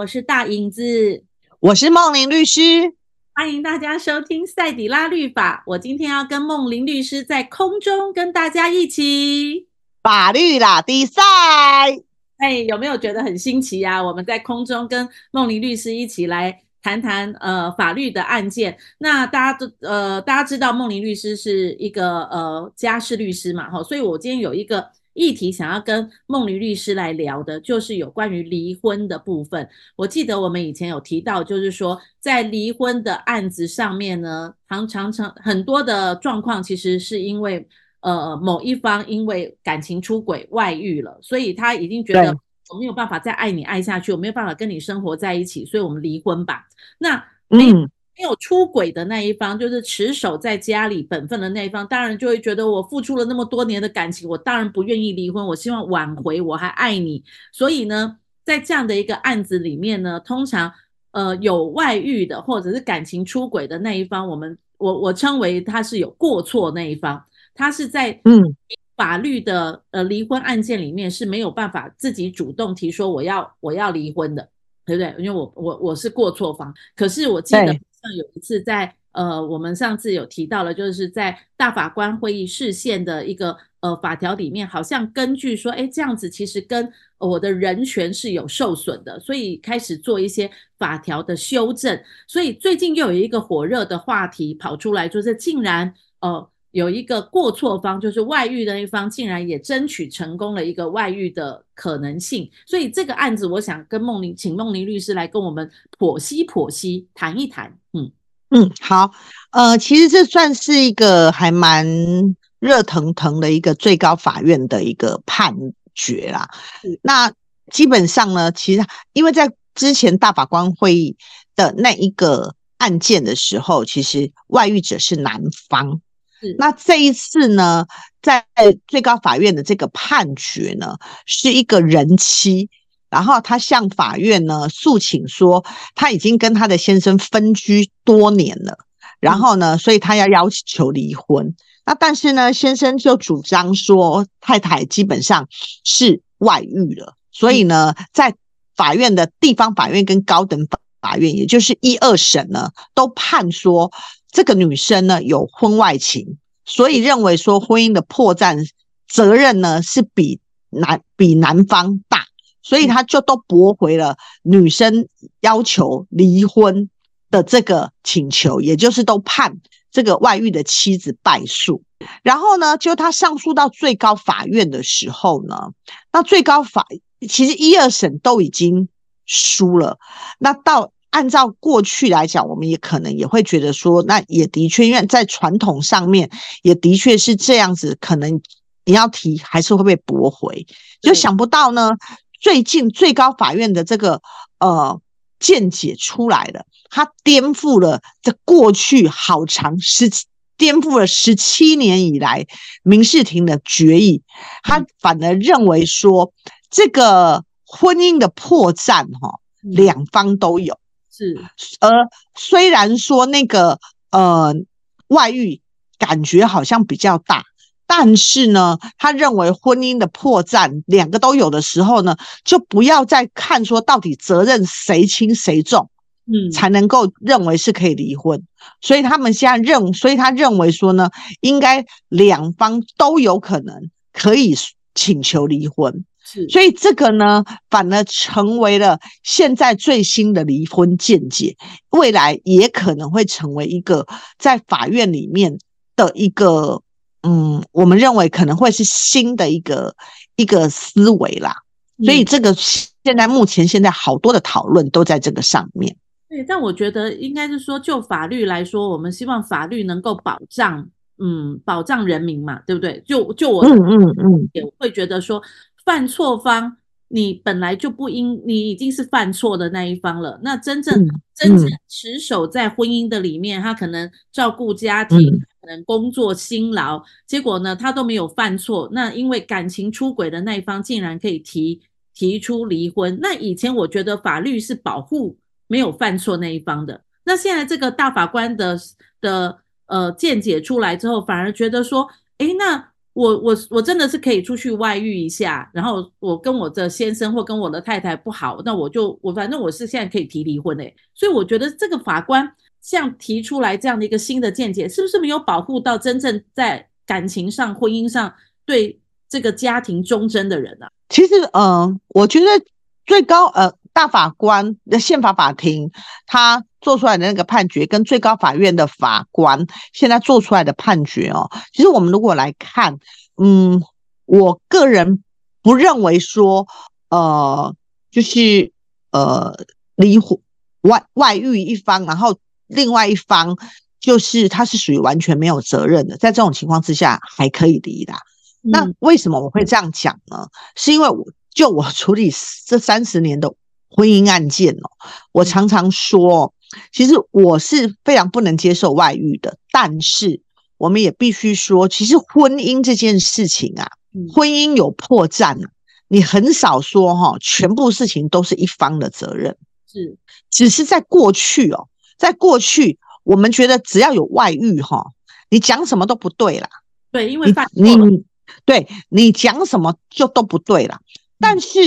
我是大影子，我是孟玲律師，歡迎大家收聽賽底拉律法。我今天要跟孟玲律師在空中跟大家一起法律啦比賽。哎，有沒有覺得很新奇啊？我們在空中跟孟玲律師一起來談談呃法律的案件。那大家都呃大家知道孟玲律師是一個呃家事律師嘛，吼，所以我今天有一個。議題想要跟夢妮律師來聊的，就是有關於離婚的部分。我記得我們以前有提到，就是說在離婚的案子上面呢，常常常很多的狀況，其實是因為呃某一方因為感情出軌外遇了，所以他已經覺得對我沒有辦法再愛你愛下去，我沒有辦法跟你生活在一起，所以我們離婚吧。那嗯。沒有出軌的那一方，就是持守在家裡本分的那一方，當然就會覺得我付出了那麼多年的感情，我當然不願意離婚，我希望挽回我，我還愛你。所以呢，在這樣的一個案子裡面呢，通常呃有外遇的或者是感情出軌的那一方，我們我我稱為他是有過錯那一方，他是在嗯法律的呃離婚案件裡面是沒有辦法自己主動提說我要我要離婚的，對不對？因為我我我是過錯方，可是我記得。像有一次在呃，我們上次有提到了，就是在大法官會議釋憲的一個呃法條裡面，好像根據說，哎，這樣子其實跟、呃、我的人權是有受損的，所以開始做一些法條的修正。所以最近又有一個火熱的話題跑出來，就是竟然哦、呃、有一個過錯方，就是外遇的那一方竟然也爭取成功了一個外遇的可能性。所以這個案子，我想跟孟玲，請孟玲律師來跟我們剖析剖析，談一談。嗯，好，呃，其實這算是一個還蠻熱騰騰的一個最高法院的一個判決啦。是那基本上呢，其實因為在之前大法官會議的那一個案件的時候，其實外遇者是男方。是那這一次呢，在最高法院的這個判決呢，是一個人妻。然後他向法院呢訴請說，他已經跟他的先生分居多年了，然後呢，所以他要要求離婚。那但是呢，先生就主張說，太太基本上是外遇了。嗯。所以呢，在法院的地方法院跟高等法院，也就是一二審呢，都判說這個女生呢有婚外情，所以認為說，婚姻的破綻責任呢是比男比男方大。所以他就都駁回了女生要求離婚的這個請求，也就是都判這個外遇的妻子敗訴。然後呢，就他上訴到最高法院的時候呢，那最高法其實一二審都已經輸了。那到按照過去來講，我們也可能也會覺得說，那也的確，因為在傳統上面也的確是這樣子，可能你要提還是會被駁回。就想不到呢。最近最高法院的這個呃見解出來了，他顛覆了這過去好長十，顛覆了十七年以來民事庭的決議。他反而認為說，嗯、這個婚姻的破綻哈、哦，兩、嗯、方都有是。而雖然說那個呃外遇感覺好像比較大。但是呢，他認為婚姻的破綻兩個都有的時候呢，就不要再看說到底責任誰輕誰重，嗯，才能夠認為是可以離婚。所以他們現在認，所以他認為說呢，應該兩方都有可能可以請求離婚。是，所以這個呢，反而成為了現在最新的離婚見解，未來也可能會成為一個在法院裡面的一個。嗯，我們認為可能會是新的一個一個思維啦，所以這個現在、嗯、目前現在好多的討論都在這個上面。對，但我覺得應該是說，就法律來說，我們希望法律能夠保障，嗯，保障人民嘛，對不對？就就我嗯嗯嗯也會覺得說，犯錯方。你本來就不應，你已經是犯錯的那一方了。那真正、嗯嗯、真正持守在婚姻的裡面，他可能照顧家庭，嗯、可能工作辛勞，結果呢，他都沒有犯錯。那因為感情出軌的那一方竟然可以提提出離婚。那以前我覺得法律是保護沒有犯錯那一方的，那現在這個大法官的的呃見解出來之後，反而覺得說，哎，那。我我我真的是可以出去外遇一下，然後我跟我的先生或跟我的太太不好，那我就我反正我是現在可以提離婚的、欸、所以我覺得這個法官像提出來這樣的一個新的見解，是不是沒有保護到真正在感情上、婚姻上對這個家庭忠貞的人呢、啊？其實，嗯、呃，我覺得最高呃。大法官憲法法庭，他做出來的那個判決，跟最高法院的法官現在做出來的判決哦，其實我們如果來看，嗯，我個人不認為說，呃，就是呃，離婚外外遇一方，然後另外一方就是他是屬於完全沒有責任的，在這種情況之下還可以離的啊。那為什麼我會這樣講呢？是因為我就我處理這三十年的。婚姻案件哦，我常常說，嗯、其實我是非常不能接受外遇的。但是，我們也必須說，其實婚姻這件事情啊，嗯、婚姻有破綻，你很少說哈、哦，嗯、全部事情都是一方的責任。是只是在過去哦，在過去，我們覺得只要有外遇哈、哦，你講什麼都不對啦，對，因為犯錯，你、你，對你講什麼就都不對啦、嗯、但是。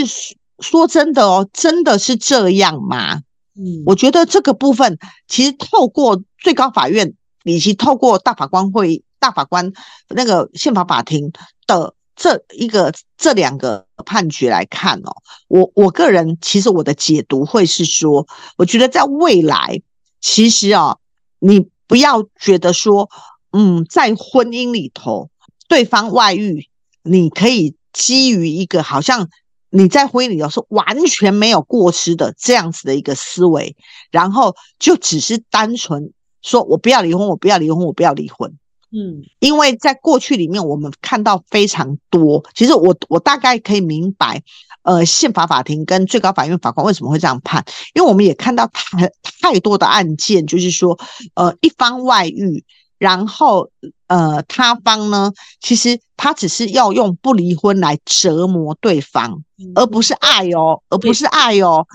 說真的哦，真的是這樣嗎？嗯，我覺得這個部分其實透過最高法院以及透過大法官會大法官那個憲法法庭的這一個這兩個判決來看哦，我我個人其實我的解讀會是說，我覺得在未來，其實啊、哦，你不要覺得說，嗯，在婚姻裡頭對方外遇，你可以基於一個好像。你在婚姻裡頭是完全沒有過失的這樣子的一個思維，然後就只是單純說“我不要離婚，我不要離婚，我不要離婚”。嗯，因為在過去裡面我們看到非常多，其實我我大概可以明白，呃，憲法法庭跟最高法院法官為什麼會這樣判，因為我們也看到太太多的案件，就是說，呃，一方外遇，然後。呃，他方呢，其實他只是要用不離婚來折磨對方，嗯、而不是愛哦，對而不是愛哦，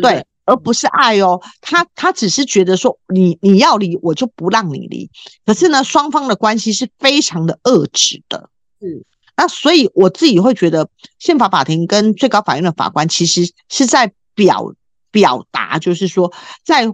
對，而不是愛哦，他他只是覺得說你你要離，我就不讓你離。可是呢，雙方的關係是非常的惡質的。嗯是，那所以我自己會覺得，憲法法庭跟最高法院的法官其實是在表表達，就是說在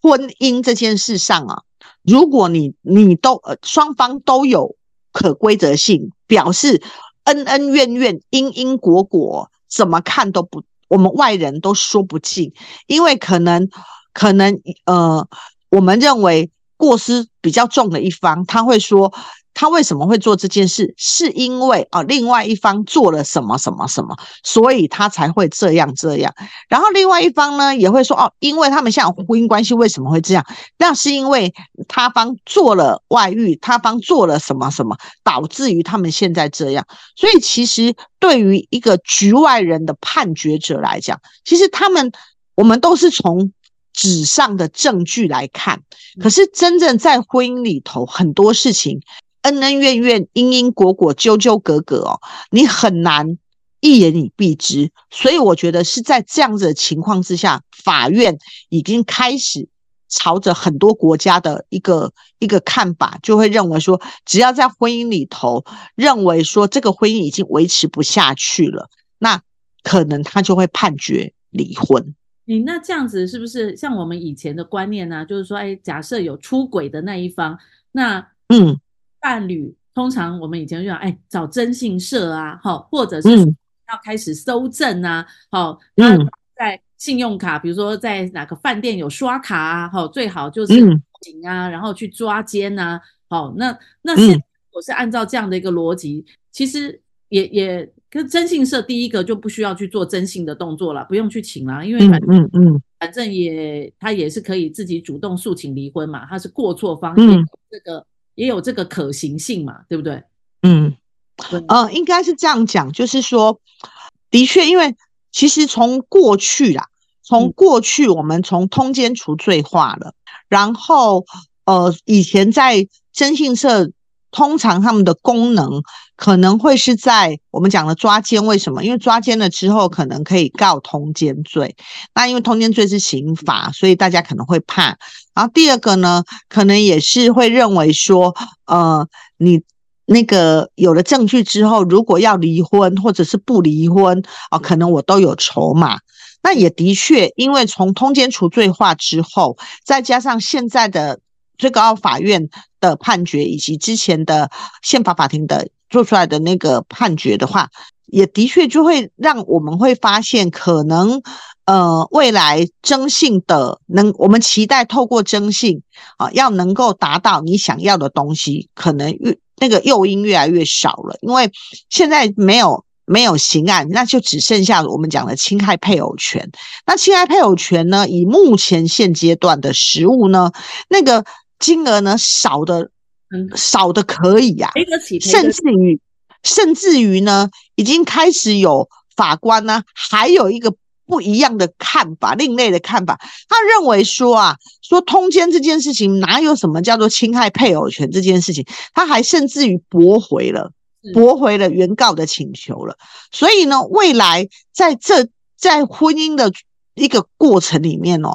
婚姻這件事上啊。如果你你都呃雙方都有可歸責性，表示恩恩怨怨、因因果果，怎麼看都不，我們外人都說不盡，因為可能可能呃，我們認為過失比較重的一方，他會說。他為什麼會做這件事？是因為哦，另外一方做了什麼什麼什麼，所以他才會這樣這樣。然後另外一方呢，也會說哦，因為他們現在婚姻關係為什麼會這樣？那是因為他方做了外遇，他方做了什麼什麼，導致於他們現在這樣。所以其實對於一個局外人的判決者來講，其實他們我們都是從紙上的證據來看，可是真正在婚姻裡頭很多事情。恩恩怨怨，因因果果，糾糾葛葛哦，你很難一言以蔽之。所以我覺得是在這樣子的情況之下，法院已經開始朝着很多國家的一個一個看法，就會認為說，只要在婚姻裡頭認為說這個婚姻已經維持不下去了，那可能他就會判決離婚。你那這樣子是不是像我們以前的觀念呢？就是說，哎，假設有出軌的那一方，那嗯。伴侶，通常我們以前就講，哎、欸，找徵信社啊，好，或者是要開始蒐證啊，好、嗯，那在信用卡，比如說在哪個飯店有刷卡啊，好，最好就是請啊，嗯、然後去抓姦啊，好、哦，那那是我是按照這樣的一個邏輯，嗯、其實也也跟徵信社第一個就不需要去做徵信的動作了，不用去請了，因為反正，嗯嗯嗯，反正也他也是可以自己主動訴請離婚嘛，他是過錯方，嗯，這個。也有這個可行性嘛，對不對？嗯，對呃，應該是這樣講，就是說，的確，因為其實從過去啦，從過去我們從通姦除罪化了，嗯、然後呃，以前在徵信社。通常他們的功能可能會是在我們講的抓奸，為什麼？因為抓奸了之後，可能可以告通奸罪。那因為通奸罪是刑法，所以大家可能會怕。然後第二個呢，可能也是會認為說，呃，你那個有了證據之後，如果要離婚或者是不離婚啊，呃，可能我都有籌碼。那也的確，因為從通奸除罪化之後，再加上現在的。最高法院的判決，以及之前的憲法法庭的做出來的那個判決的話，也的確就會讓我們會發現，可能呃未來徵信的能，我們期待透過徵信啊、呃，要能夠達到你想要的東西，可能越那個誘因越來越少了，因為現在沒有沒有刑案，那就只剩下我們講的侵害配偶權。那侵害配偶權呢，以目前現階段的實務呢，那個。金額呢少的，少的可以呀，甚至於，甚至於呢，已經開始有法官呢，還有一個不一樣的看法，另類的看法，他認為說啊，說通姦這件事情哪有什麼叫做侵害配偶權這件事情，他還甚至於駁回了，駁回了原告的請求了。所以呢，未來在這在婚姻的一個過程裡面哦，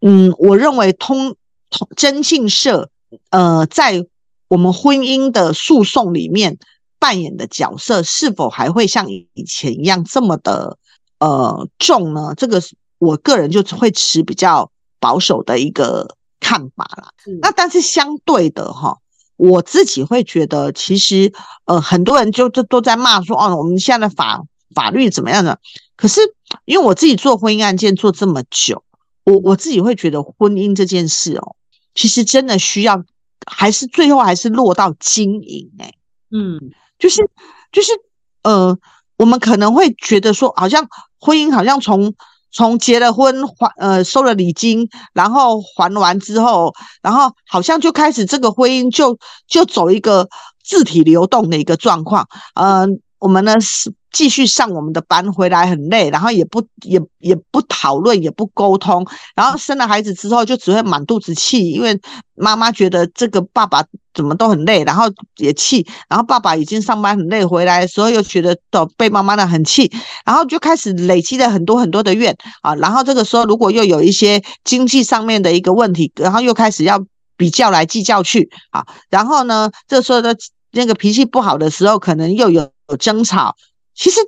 嗯，我認為通。同徵信社，呃，在我們婚姻的訴訟裡面扮演的角色，是否還會像以前一樣這麼的呃重呢？這個我個人就會持比較保守的一個看法啦。嗯、那但是相對的哈、哦，我自己會覺得，其實呃，很多人就都都在罵說，哦，我們現在的法法律怎麼樣呢？可是因為我自己做婚姻案件做這麼久，我我自己會覺得婚姻這件事哦。其實真的需要，還是最後，還是落到經營哎、欸，嗯、就是，就是就是呃，我們可能會覺得說，好像婚姻好像從從結了婚還呃收了禮金，然後還完之後，然後好像就開始這個婚姻就就走一個自體流動的一個狀況，嗯、呃，我們呢是。繼續上我們的班，回來很累，然後也不也也不討論，也不溝通，然後生了孩子之後就只會滿肚子氣，因為媽媽覺得這個爸爸怎麼都很累，然後也氣，然後爸爸已經上班很累，回來時候又覺得都被媽媽的很氣，然後就開始累積了很多很多的怨啊，然後這個時候如果又有一些經濟上面的一個問題，然後又開始要比較來計較去啊，然後呢這時候的那個脾氣不好的時候，可能又有爭吵。其實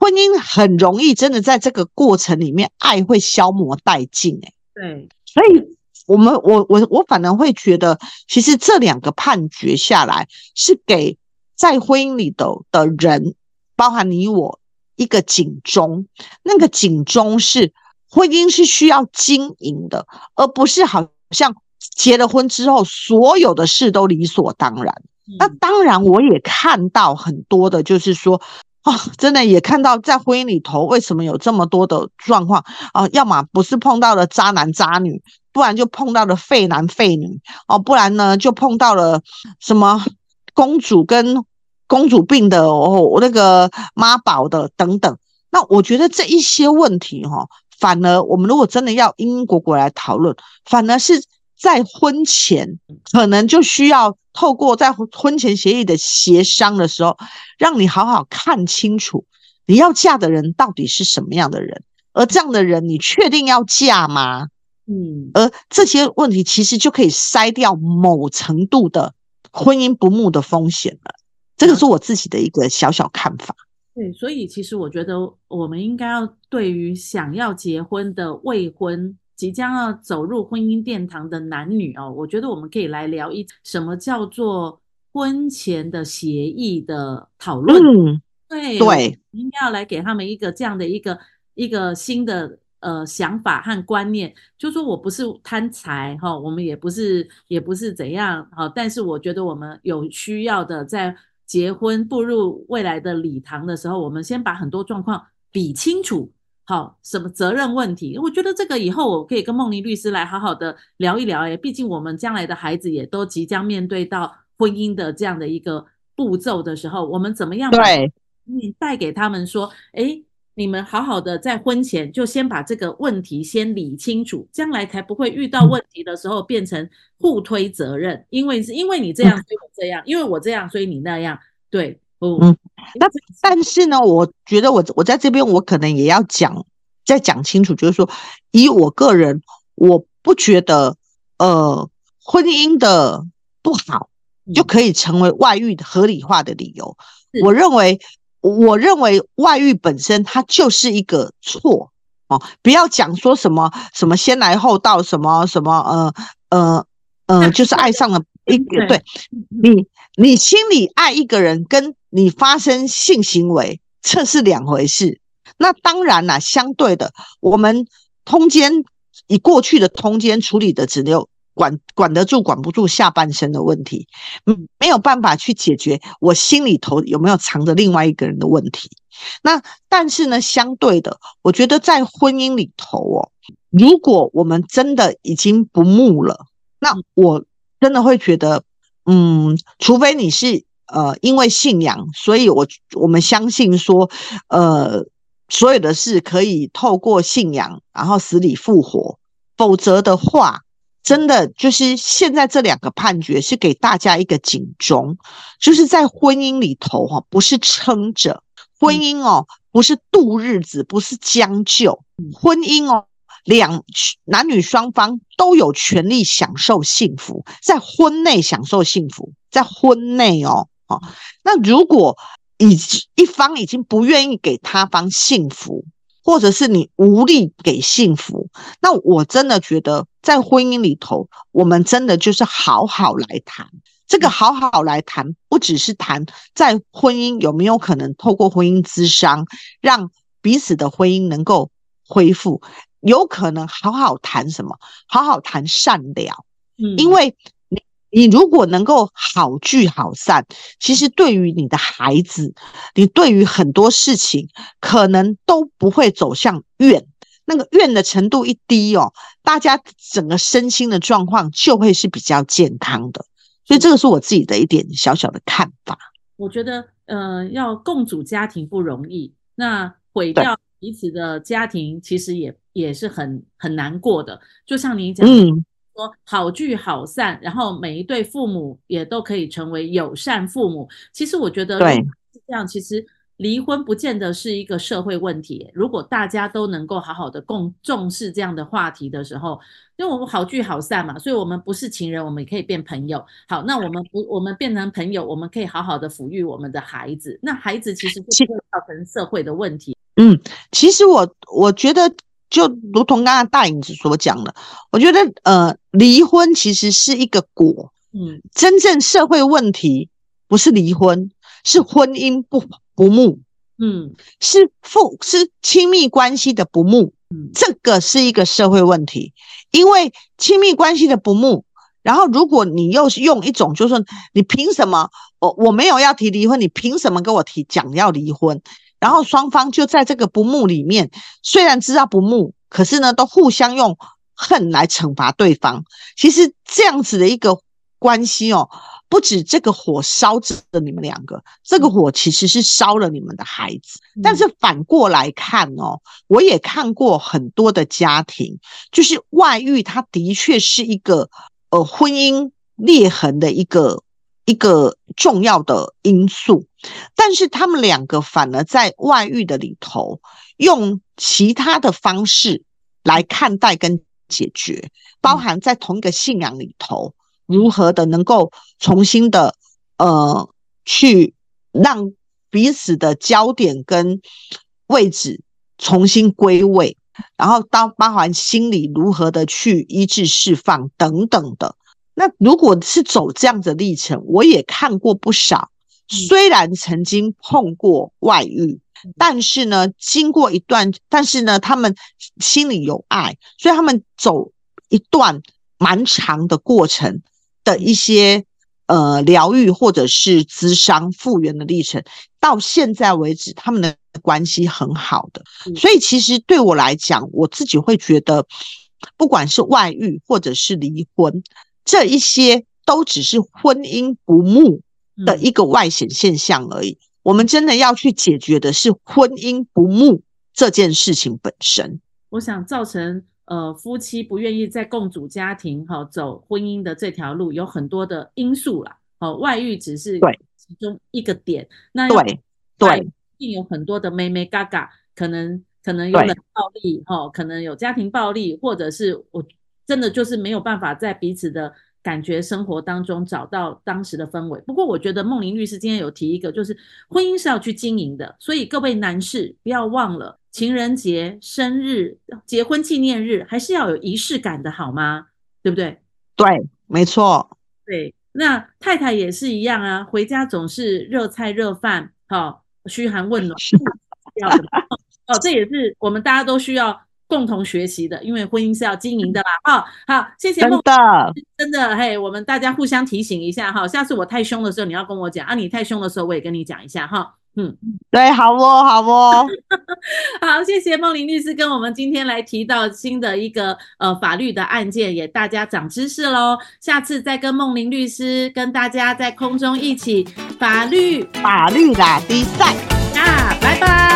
婚姻很容易，真的在這個過程裡面，愛會消磨殆盡。哎，對，所以我們我我我反而會覺得，其實這兩個判決下來，是給在婚姻裡的的人，包含你我，一個警鐘。那個警鐘是，婚姻是需要經營的，而不是好像結了婚之後，所有的事都理所當然。嗯、那當然，我也看到很多的，就是說。啊、哦，真的也看到在婚姻裡頭，為什麼有這麼多的狀況啊？要麼不是碰到了渣男渣女，不然就碰到了廢男廢女哦、啊，不然呢就碰到了什麼公主跟公主病的哦，那個媽寶的等等。那我覺得這一些問題哈，反而我們如果真的要因因果果來討論，反而是。在婚前，可能就需要透過在婚前協議的協商的時候，讓你好好看清楚你要嫁的人到底是什麼樣的人，而這樣的人，你確定要嫁嗎？嗯，而這些問題其實就可以篩掉某程度的婚姻不睦的風險了。這個是我自己的一個小小看法。對，所以其實我覺得我們應該要對於想要結婚的未婚。即將要、啊、走入婚姻殿堂的男女哦，我覺得我們可以來聊一什麼叫做婚前的協議的討論。嗯，對對，對，應該要來給他們一個這樣的一個一個新的呃想法和觀念，就說我不是貪財哈、哦，我們也不是也不是怎樣好、哦，但是我覺得我們有需要的，在結婚步入未來的禮堂的時候，我們先把很多狀況理清楚。好，什麼責任問題？我覺得這個以後我可以跟夢玲律師來好好的聊一聊。欸，畢竟我們將來的孩子也都即將面對到婚姻的這樣的一個步驟的時候，我們怎麼樣？對，你帶給他們說，哎對，你們好好的在婚前就先把這個問題先理清楚，將來才不會遇到問題的時候變成互推責任。因為是因為你這樣，所以我這樣； 因為我這樣，所以你那樣。對。嗯，那但是呢，我覺得我我在這邊，我可能也要講再講清楚，就是說，以我個人，我不覺得呃，婚姻的不好就可以成為外遇的合理化的理由。是我認為，我認為外遇本身它就是一個錯哦，不要講說什麼什麼先來後到，什麼什麼呃呃呃，就是愛上了一那對，對你。你心裡愛一個人，跟你發生性行為，這是兩回事。那當然啦、啊，相對的，我們通奸，以過去的通奸處理的留，只有管管得住，管不住下半身的問題，嗯，沒有辦法去解決我心裡頭有沒有藏着另外一個人的問題。那但是呢，相對的，我覺得在婚姻裡頭哦，如果我們真的已經不睦了，那我真的會覺得。嗯，除非你是呃，因為信仰，所以我我們相信說，呃，所有的事可以透過信仰，然後死裡復活。否則的話，真的就是現在這兩個判決是給大家一個警鐘，就是在婚姻裡頭哈、哦，不是撐着婚姻哦，不是度日子，不是將就婚姻哦。兩男女雙方都有權利享受幸福，在婚內享受幸福，在婚內哦，哦，那如果已一,一方已經不願意給他方幸福，或者是你無力給幸福，那我真的覺得在婚姻裡頭，我們真的就是好好來談這個，好好來談，不只是談在婚姻有沒有可能透過婚姻諮商讓彼此的婚姻能夠恢復。有可能好好談什麼？好好談善良。嗯，因為你你如果能夠好聚好散，其實對於你的孩子，你對於很多事情可能都不會走向怨。那個怨的程度一低哦，大家整個身心的狀況就會是比較健康的。所以這個是我自己的一點小小的看法。我覺得，嗯，呃，要共組家庭不容易，那毀掉。彼此的家庭其實也也是很很難過的，就像你講、嗯、說好聚好散，然後每一對父母也都可以成為友善父母。其實我覺得是這樣，對其實離婚不見得是一個社會問題。如果大家都能夠好好的共重視這樣的話題的時候，因為我們好聚好散嘛，所以我們不是情人，我們也可以變朋友。好，那我們不我們變成朋友，我們可以好好的撫育我們的孩子。那孩子其實就不會造成社會的問題。嗯，其實我我覺得就如同剛剛大影子所講的，我覺得呃，離婚其實是一個果。嗯，真正社會問題不是離婚，是婚姻不不睦。嗯，是夫是親密關係的不睦。嗯，這個是一個社會問題，因為親密關係的不睦，然後如果你又是用一種就是說，你憑什麼？我我沒有要提離婚，你憑什麼跟我提講要離婚？然後雙方就在這個不睦裡面，雖然知道不睦，可是呢，都互相用恨來懲罰對方。其實這樣子的一個關係哦，不止這個火燒着你們兩個，這個火其實是燒了你們的孩子。嗯。但是反過來看哦，我也看過很多的家庭，就是外遇，它的確是一個呃婚姻裂痕的一個。一個重要的因素，但是他們兩個反而在外遇的裡頭，用其他的方式來看待跟解決，包含在同一個信仰裡頭，嗯、如何的能夠重新的呃去讓彼此的焦點跟位置重新歸位，然後到包含心理如何的去醫治釋放等等的。那如果是走這樣的歷程，我也看過不少。雖然曾經碰過外遇，嗯、但是呢，經過一段，但是呢，他們心裡有愛，所以他們走一段蠻長的過程的一些呃療癒或者是諮商復原的歷程，到現在為止，他們的關係很好的。嗯、所以其實對我來講，我自己會覺得，不管是外遇或者是離婚。這一些都只是婚姻不睦的一個外顯現象而已。嗯、我們真的要去解決的是婚姻不睦這件事情本身。我想造成呃夫妻不願意在共組家庭哈、哦，走婚姻的這條路有很多的因素啦。哦，外遇只是其中一個點。那對對，要對一定有很多的妹妹嘎嘎，可能可能有暴力哈對、哦，可能有家庭暴力，或者是我。真的就是沒有辦法在彼此的感覺生活當中找到當時的氛圍。不過，我覺得夢玲律師今天有提一個，就是婚姻是要去經營的，所以各位男士不要忘了情人節、生日、結婚紀念日，還是要有儀式感的好嗎？對不對？對，沒錯。對，那太太也是一樣啊，回家總是熱菜熱飯，好、哦、噓寒問暖。要什麼？是啊、 哦，這也是我們大家都需要。共同學習的，因為婚姻是要經營的啦， 哦、好好，謝謝夢的，真的嘿，我們大家互相提醒一下哈，下次我太凶的時候你要跟我講，啊，你太凶的時候我也跟你講一下哈，嗯，對，好不，哦，好不，哦， 好，謝謝孟林律師跟我們今天來提到新的一個呃法律的案件，也大家長知識嘍，下次再跟孟林律師跟大家在空中一起法律法律的比賽，那、啊、拜拜。